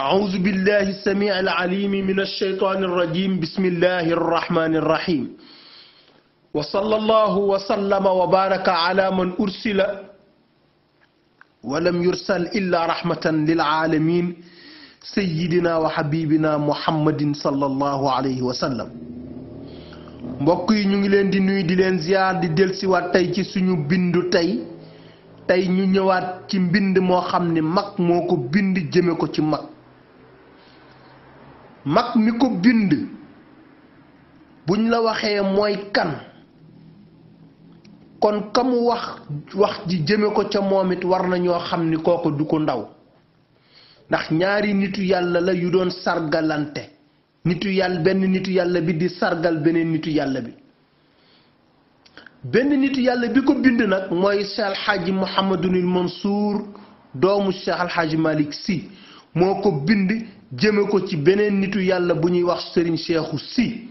أعوذ بالله السميع العليم من الشيطان الرجيم بسم الله الرحمن الرحيم وصلى الله وسلم وبارك على من أرسل ولم يرسل إلا رحمة للعالمين سيدنا وحبيبنا محمد صلى الله عليه وسلم mbokk yi ñu ngi leen di nuyu di leen ziar di delsiwaat tey ci suñu bindu tey tey ñu ñëwaat ci mbind moo xam ne mag moo ko bind jëme ko ci mag mag mi ko bind buñ la waxee mooy kan kon ka mu wax wax ji jëme ko ca moom it war na ñoo xam ni kooko du ko ndaw ndax ñaari nitu yàlla la yu doon sargalante nitu yàlla benn nitu yàlla bi di sargal beneen nitu yàlla bi benn nitu yàlla bi ko bind nag mooy Cheikh Al Hadj Mouhamadunil doomu Cheikh Al Hadj Malick moo ko bind jëme ko ci beneen nitu yàlla bu ñuy wax sëriñ seexu si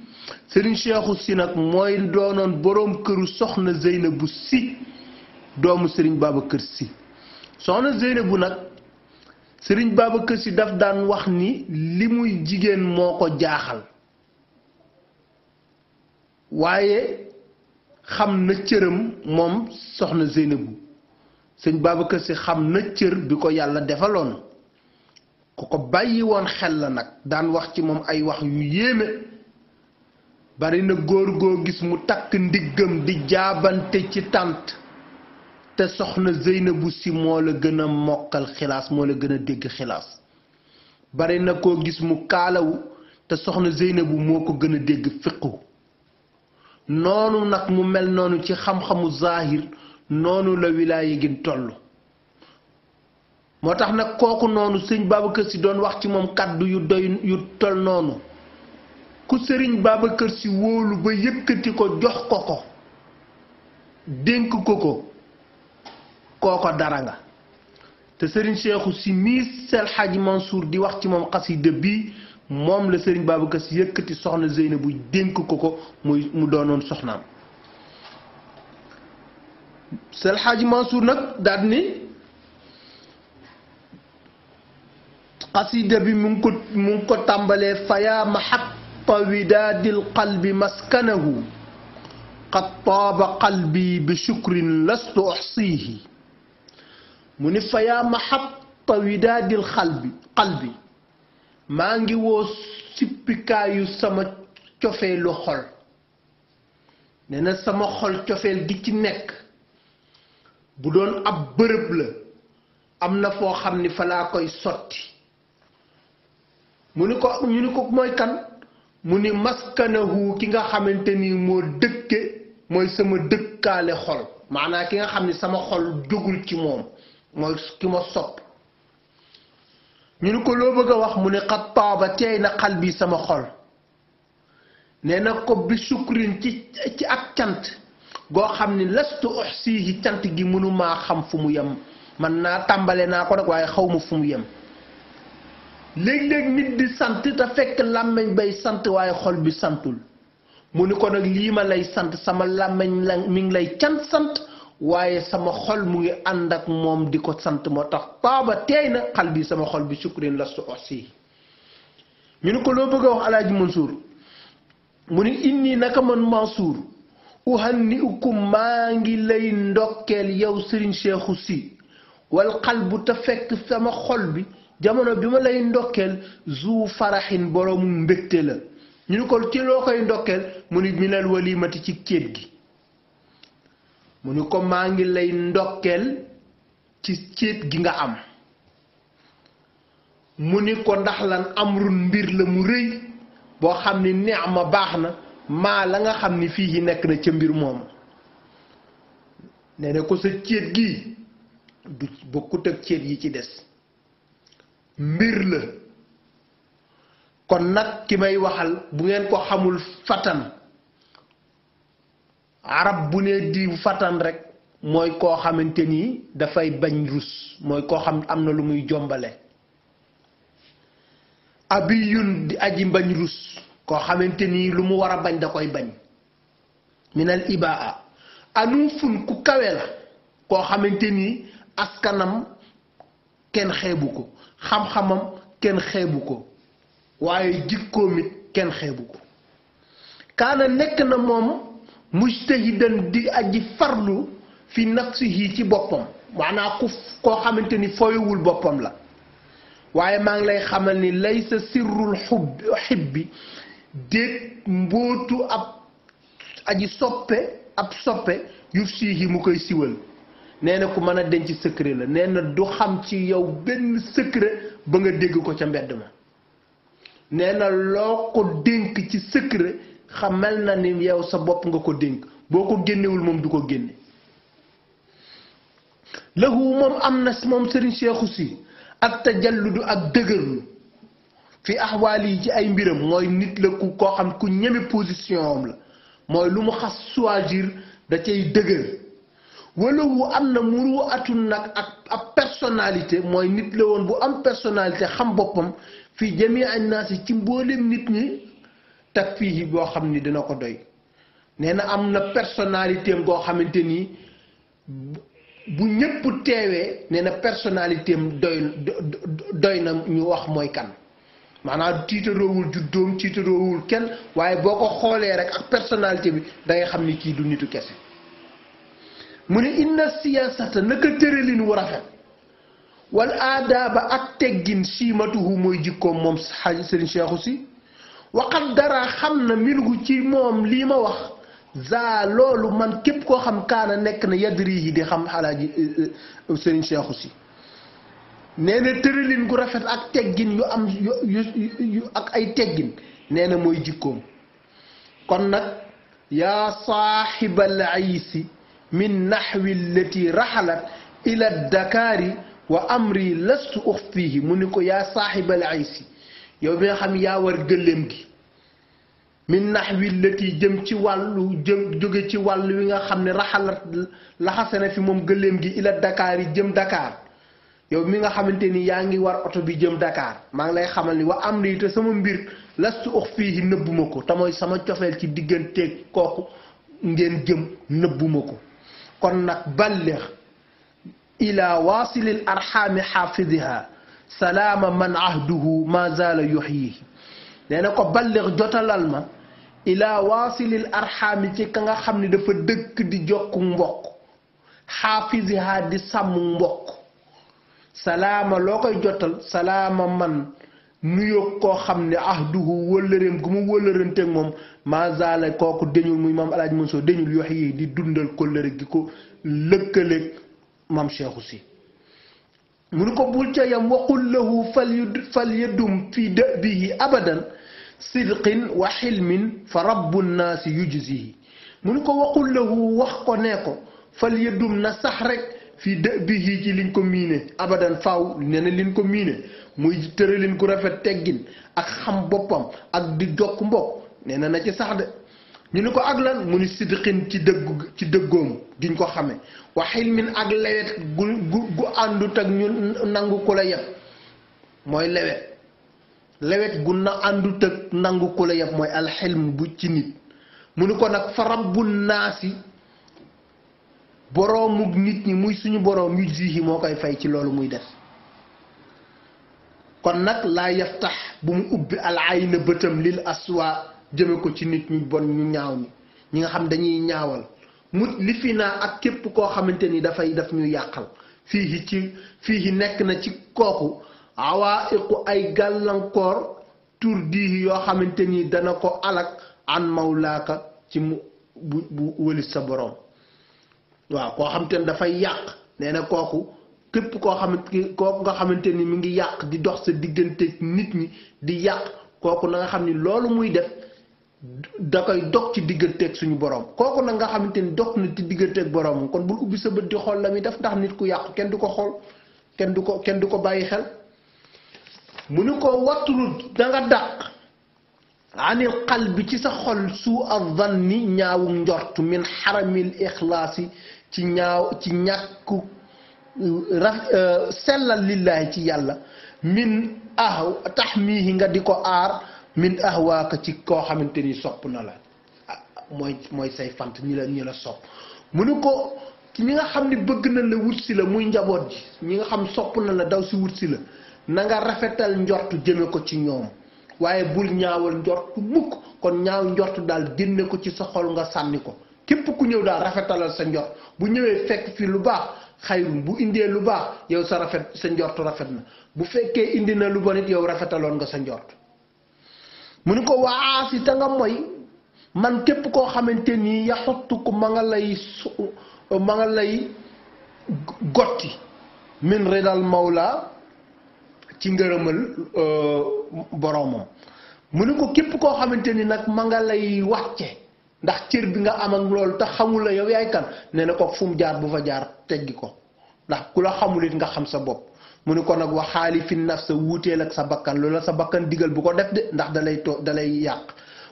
sëriñ seexu si nag mooy doonoon boroom këru soxna Zeynabu si doomu sëriñ Babacar si soxna Zeynabu nag sëriñ Babacar si daf daan wax ni li muy jigéen moo ko jaaxal waaye xam na cëram moom soxna Zeynabu sëñ kër si xam na cër bi ko yàlla defaloon ku ko bàyyi woon xel la nag daan wax ci moom ay wax yu yéeme bari na góor goo gis mu takk ndiggam di jaabante ci tànt te soxna Zeynabu Si moo la gën a mokkal xilaas moo la gën a dégg xilaas bari na koo gis mu kaalawu te soxna Zeynabu moo ko gën a dégg fiqu noonu nag mu mel noonu ci xam-xamu zaahir noonu la wilaaya gin toll moo tax nag kooku noonu sëñ Babacar Sy doon wax ci moom kàddu yu doy yu tol noonu ku sëriñ kër si wóolu ba yëkkati ko jox ko ko dénk ko ko kooko dara nga te sëriñ Seexu Si mii Sel Xaaji Mansour di wax ci moom xasida bii moom la sëriñ Babacar Sy yëkkati soxna Zeynabu dénk ko ko muy mu doonoon soxnaam Sel Xaaji Mansour nag daal ni قصيدة بمنكت منكت أمبلي فيا محط وداد القلب مسكنه قد طاب قلبي بشكر لست أحصيه من فيا محط وداد القلب قلبي ما عندي وسبيكا يسمى كفي لخر نحن سما خل كفي الجيت نك بدون أبربل أم نفوا خم نفلا كوي mu ni ko ñu ni ko mooy kan mu ni maskanahu ki nga xamante ni moo dëkke mooy sama dëkkaale xol maanaa ki nga xam ni sama xol jógul ci moom mooy ki ma sopp ñu ni ko loo bëgg a wax mu ne xat taaba teey na xal bi sama xol nee na ko bi sukrin ci ci ak cant goo xam ni lastu uxsiihi cant gi mënumaa xam fu mu yem man naa tàmbale naa ko rek waaye xaw ma fu mu yem léeg-léeg nit di sant te fekk làmmiñ bay sant waaye xol bi santul mu ni ko nag lii ma lay sant sama làmmiñ la mi ngi lay cant sant waaye sama xol mu ngi ànd ak moom di ko sant moo tax taaba tey na xal bi sama xol bi su sukkurin la su oxsi ñu ni ko loo bëgg a wax alaaji Mansuur mu ni indi naka man Mansuur uhanni ukum maa ngi lay ndokkeel yow Serigne Cheikhou si wal xal bu te fekk sama xol bi jamono bi ma lay ndokkeel su faraxin boroomu mbégte la ñu ni ko ci loo koy ndokkeel mu ni minal walimati ci céet gi mu ni ko maa ngi lay ndokkeel ci céet gi nga am mu ni ko ndax lan amrun mbir la mu rëy boo xam ni neex ma baax na maa la nga xam ni fii yi nekk na ca mbir moom nee na ko sa céet gi du bokkut ak céet yi ci des mbir la kon nag ki may waxal bu ngeen ko xamul fatan arab bu ne diw fatan rek mooy koo xamante ni dafay bañ rus mooy koo xam am na lu muy jombale abiyun di aji mbañ rus koo xamante ni lu mu war a bañ da koy bañ minal ibaa anufun ku kawe la koo xamante ni askanam kenn xeebu ko xam-xamam kenn xeebu ko waaye jikkoom it kenn xeebu ko kaana nekk na moom mujtahidan di aji farlu fi nafsihi ci boppam maanaa ku koo xamante ni fooyewul boppam la waaye maa ngi lay xamal ni laysa sirrul xub xibbi déet mbootu ab aji soppe ab soppe yuf siihi mu koy siwal nee na ku mën a denc secret la nee na du xam ci yow benn secret ba nga dégg ko ca mbedd ma nee na loo ko dénk ci secret xamal na ni yow sa bopp nga ko dénk boo ko génnewul moom du ko génne lahu moom am na moom Serigne Cheikhou Sy ak tajalludu ak dëgërlu fi axwaal yi ci ay mbiram mooy nit la ku koo xam ku ñeme position la mooy lu mu xas choisir da cay dëgër wala am na muru atun nag ak ab personnalité mooy nit la woon bu am personnalité xam boppam fii jami añ naa si ci mbooleem nit ñi tag fii boo xam ni dina ko doy nee na am na personnalité am goo xamante ni bu ñëpp teewee nee na personnalité am doy doy na ñu wax mooy kan maanaam tiitaroowul juddoom tiitaroowul kenn waaye boo ko xoolee rek ak personnalité bi da ngay xam ni kii du nitu kese من إن السياسة نكتر لنورها والآداب أتجن سيمته ميجكم ممس حاجس الشيخوسي وقد درى خمنا من غتي مم لما وخ زالول من كيف كو خم كان نك يدريه دي خم على سرين شيخوسي نين تريلين كو رفت أك تجن يو أم يو يو أك أي تجن نين ميجكم كنك يا صاحب العيسي min naxwi lati raxalat ila dakaari wa amri lastu uxfiihi mu ni ko yaa saaxibal aysi yow bi nga xam yaa war gëléem gi min naxwi lati jëm ci wàllu jëm jóge ci wàll wi nga xam ne raxalat laxase na fi moom gëléem gi ila yi jëm dakaar yow mi nga xamante ni yaa ngi war oto bi jëm Dakar maa ngi lay xamal ni wa amri te sama mbir lastu uxfiihi nëbbuma ko te mooy sama cofeel ci digganteeg kooku ngeen jëm nëbbuma ko kon nag balligh ila waasilil arxaami xaafidiha salaama man ahduhu ma zaala yuxyihi nee na ko balligh jotalal ma ila waasilil arxaami ci ka nga xam ne dafa dëkk di jokku mbokk xaafidiha di sàmm mbokk salaama loo koy jotal salaama man nuyoo koo xam ne ahduhu wëllëreem gu mu wëllëranteeg moom mazaale kooku deñul muy maam alaaj Mansour deñul yox yi di dundal kóllëre gi ko lëkkaleeg maam Cheikhu si mu ni ko bul ca yam waqul lahu fal fal yadum fii dëbihi abadan sidqin wa xilmin fa rabbu naasi yujzihi mu ni ko waqul lahu wax ko ne ko fal yadum na sax rek fii dë bi ci liñ ko miine abadan faaw nee na liñ ko miine muy tëralin gu rafet teggin ak xam boppam ak di jokk mbokk nee na na ci sax de ñu ni ko ak lan mu ni sidqin ci dëgg ci dëggoom giñ ko xame wa xilmin ak lewet gu gu gu ñu nangu ku la yeb mooy lewet lewet gu na àndut ak nangu ku la yeb mooy alxilm bu ci nit mu ni ko nag fa rabbu naasi boroomu nit ñi muy suñu boroom yu jihi moo koy fay ci loolu muy def kon nag laa tax bu mu ubbi alayna bëtam lil aswa jëme ko ci nit ñu bon ñu ñaaw ñi ñi nga xam dañuy ñaawal mut li fi naa ak képp koo xamante ni dafay def ñu yàqal fii ci fii nekk na ci kooku awaa iqu ay gàllankoor tur diihi yoo xamante ni dana ko alak an mawlaaka ci mu bu bu wëlis sa boroom waaw koo xam te ne dafay yàq nee na kooku képp koo xamante ni kooku nga xamante ni mu ngi yàq di dox sa diggante nit ñi di yàq kooku na nga xam ni loolu muy def da koy dog ci digganteeg suñu borom kooku nag nga xamante ni dog na ci digganteeg borom kon bul ubbi sa bët di xool la muy def ndax nit ku yàqu kenn du ko xool kenn du ko kenn du ko bàyyi xel mu ni ko wattul da nga dàq anil xal bi ci sa xol suu avan ni ñaawum njort min xaramil ixlaasi ci ñaaw ci ñàkku euh, ra euh, sellal lillahi ci yàlla min ah taxmiihi nga di ko aar min ahwaaka ci koo xamante ni sopp na la ah, mooy mooy say fant ñi la ñi la sopp mu ne ko ñi nga xam ni bëgg na la wut si la muy njaboot ji ñi nga xam sopp na la daw si wut si la na nga rafetal njort jëme ko ci ñoom waaye bul ñaawal njort mukk kon ñaaw njort daal génne ko ci sa xol nga sànni ko képp ku ñëw daal rafetalal sa njort bu ñëwee fekk fi lu baax xayru bu indee lu baax yow sa rafet sa njort rafet na bu fekkee indi na lu bonit yow rafetaloon nga sa njort mu ni ko waasi ta nga moy man képp koo xamante ni yaxuttu ko ma nga lay ma nga lay gotti min redal maula ci euh boromam mu ni ko képp koo xamante ni ma nga lay wàcce ndax cër bi nga am ak loolu te xamul la yow yaay kan ne na ko fu mu jaar bu fa jaar teggi ko ndax ku la xamul it nga xam sa bopp mu ne ko nag waxaali fi naf sa wuuteel ak sa bakkan loola sa bakkan digal bu ko def de ndax dalay to dalay yàq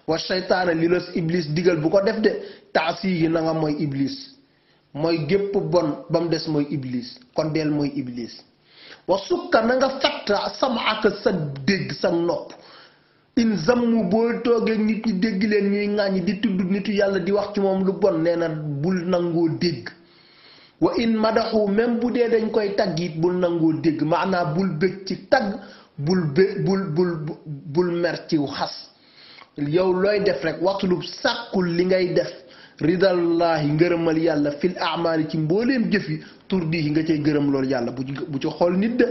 wa seytaana li los iblis digal bu ko def de taasi yi na nga mooy iblis mooy gépp bon ba mu des mooy iblis kon deel mooy iblis wa sukka na nga fatta sama sa dégg sa nopp in zamm boo toogee nit ñi dégg leen ñuy ŋàññi di tudd nitu yàlla di wax ci moom lu bon nee na bul nangoo dégg wa in madaxu même bu dee dañ koy tagg it bul nangoo dégg maanaam bul bëgg ci tagg bul bë mer ci xas yow looy def rek waxtulub sàkkul li ngay def ridallahi ngërëmal yàlla fil amaali ci mbooleem jëf yi tur di yi nga cay gërëm loolu yàlla bu ci xool nit de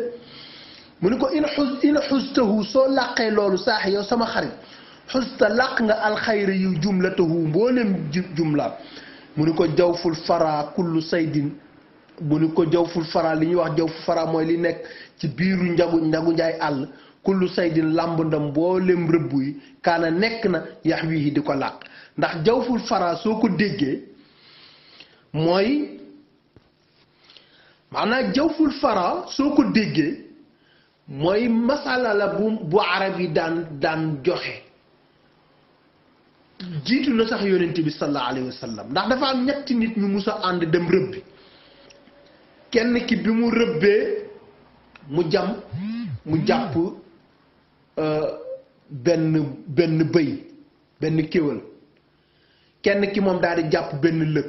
mu ni ko in xus in xustahu soo làqee loolu saax yow sama xarit xusta làq nga alxayra yu jumlatahu mboolem jumlaam mu ni ko jawful fara kullu saydin mu ni ko jawful fara li ñuy wax jawful fara li nekk ci biiru njagu njagu njaay àll kullu saydin làmb ndam mboolem rëbb yi kaana nekk na yax wii di ko làq ndax jawful fara soo ko déggee mooy maanaam jawful fara soo ko déggee mooy masala la bu bu arab yi daan daan joxe jiitu na sax yonent bi sallallahu alayhi wa ndax dafa am ñetti nit ñu musa ànd dem rëbbi kenn ki bi mu rëbbee mu jàmm mu jàpp euh, benn benn bëy benn kéwal kenn ki moom daal di jàpp benn lëg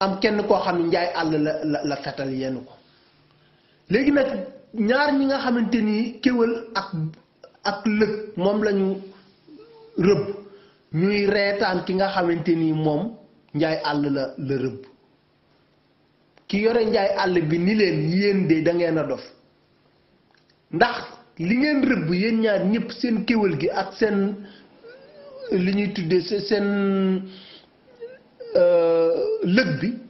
am kenn koo xam ne njaay àll la la la fetal yenn ko léegi nag ñaar ñi nga xamante ni kéwal ak ak lëg moom lañu ñu rëbb ñuy reetaan ki nga xamante ni moom njaay àll la la rëbb ki yore njaay àll bi ni leen yéen de dangeen a dof ndax li ngeen rëbb yéen ñaar ñëpp seen kéwal gi ak seen li ñuy tuddee seen euh, lëg bi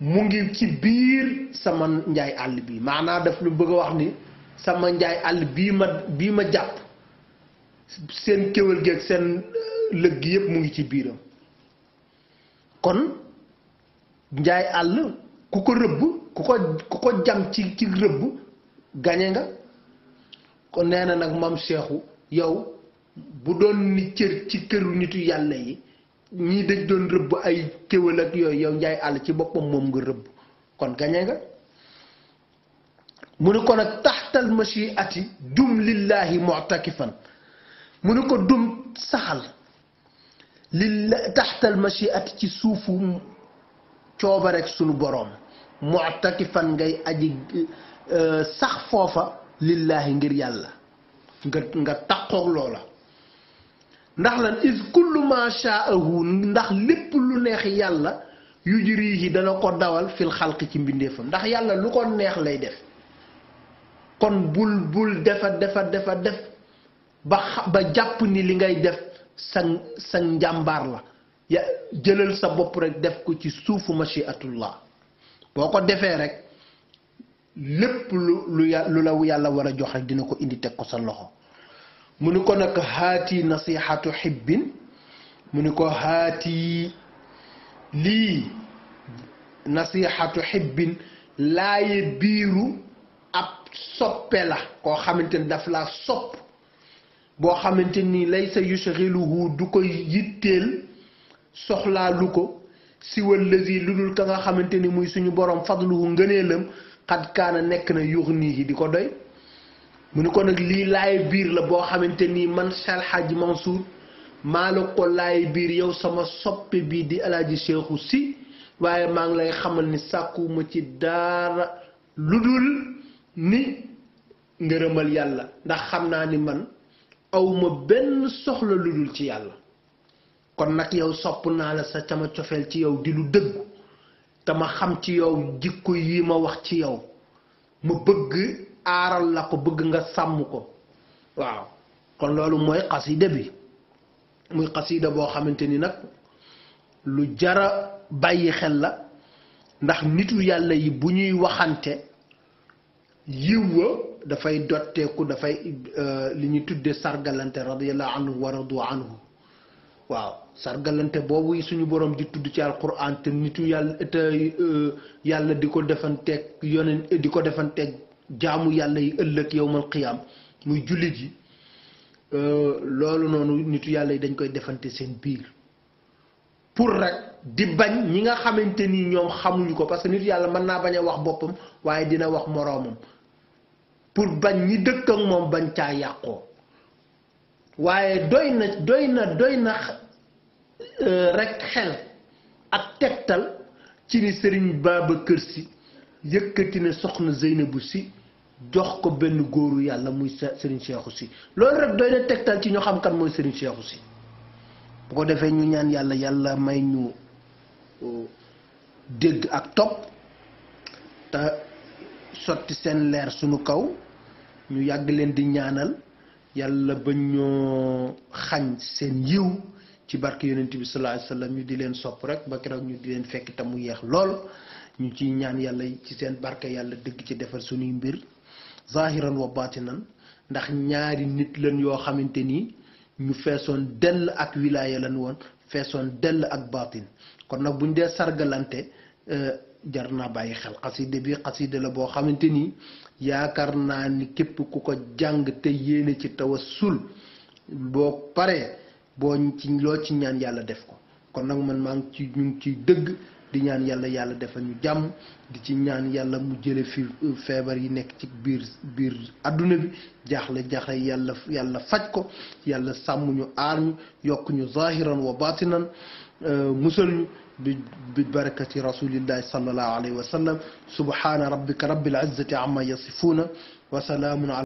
mu ngi ci biir sama njaay àll bi maanaa daf lu bëgg wax ni sama njaay àll bii ma bii ma jàpp seen kéwél geeg seen euh, lëg gi mu ngi ci biiram kon njaay àll ku ko rëbb ku ko ku ko jam ci ci rëbb gañe nga kon nee na nag mam cheikhu yow bu doon ni cër ci këru nitu yàlla yi ñii dañ doon rëbb ay kéwél ak yooyu yow njaay àll ci boppam moom nga rëbb kon gañe nga mu ne ko nag taxtal mashiati dum lillaahi mutakifan mu ne ko dum saxal lilla taxtal mashiati ci suufu cooba rek sunu boroom mutakifan ngay aji euh, sax foofa lillaahi ngir yàlla nga nga taqoog loola ndax lan is kullu ma shaahu ndax lépp lu neex yàlla yu yi dana ko dawal fil xalqi ci mbindeefam ndax yàlla lu ko neex lay def kon bul bul defa defa defa def ba ba jàpp ni li ngay def sa sa njàmbaar la ya jëlal sa bopp rek def ko ci suufu machiatullah boo ko defee rek lépp lu lu la yàlla war a jox rek dina ko indi teg ko sa loxo mu ne ko nag haati nasihatu xibbin mu ni ko haati lii nasihatu xibbin laaye biiru ab soppe la koo xamante ni daf laa sopp boo xamante nii ni laysa yushghiluhu du ko yitteel soxlaalu ko si wallazi lu dul ka nga xamante ni muy suñu borom fadluhu ngëneelam xad kaana nekk na yuxnihi di ko doy mu ni ko nag lii laay biir la boo xamante nii man Seex Alxaaji Mansour maa la ko laay biir yow sama soppe bii di alaaji Seexu Si waaye maa ngi lay xamal ni sàkkuma ci daara lu dul ni ngërëmal yàlla ndax xam naa ni man awma benn soxla lu dul ci yàlla kon nag yow sopp naa la sa sama cofeel ci yow di lu dëggu te ma xam ci yow jikko yi ma wax ci yow ma bëgg aaral la ko bëgg nga sàmm ko waaw kon loolu mooy xasida bi muy xasida boo xamante ni nag lu jara bàyyi xel la ndax nitu yàlla yi bu ñuy waxante yiw wa dafay dotteeku dafay euh, li ñu tuddee sargalante radiyallahu anhu wa radu anhu waaw sargalante boobu suñu borom di tudd ci alquran te nitu yàlla te euh, yàlla di ko defanteeg di ko defanteeg jaamu yàlla yi ëllëg yow yowmal qiyaam muy jullit yi euh, loolu noonu nitu yàlla yi dañ koy defante seen biir pour rek di bañ ñi nga xamante ni ñoom xamuñu ko parce que nitu yàlla mën naa bañ a wax boppam waaye dina wax moroomam pour bañ ñi dëkk moom bañ caa yàqoo waaye doy na doy na doy na euh, rek xel ak tegtal ci ni sëriñ Babacar Si yëkkati ne soxna Zeynabu Si jox ko benn góoru yàlla muy sëriñ cheikh si loolu rek doy na tegtal ci ñu xam kan mooy sëriñ cheikh si bu ko defee ñu ñaan yàlla yàlla may ñu euh, dégg ak topp te sotti seen leer suñu kaw ñu yàgg leen di ñaanal yàlla ba ñoo xañ seen yiw ci barke yonent bi sallallahu alayhi ñu di leen sopp rek ba keroog ñu di leen fekk te mu yeex lool ñu ci ñaan yàlla ci seen barke yàlla dëgg ci defar mbir zahiran wa batinan ndax ñaari nit lañ yoo xamante ni ñu feesoon dell ak wilaaya lañ woon feesoon dell ak batin kon nag buñ dee sargalante euh, jar naa bàyyi xel xaside bi xaside la boo xamante ni yaakaar naa ni képp ku ko jàng te yéene ci tawassul boo paree boo ci loo ci ñaan yàlla def ko kon nag man maa ci ñu ciy dëgg di ñaan yàlla yàlla defal ñu jàmm di ci ñaan yàlla mu jële fi fièvre yi nekk ci biir biir aduna bi jaaxle jaxé yàlla yàlla fajj ko yàlla sammu ñu aar ñu yokk ñu zahiran wa batinan musul ñu bi barakati الله sallallahu alayhi wa sallam subhana rabbika rabbil izzati amma yasifuna wa salamun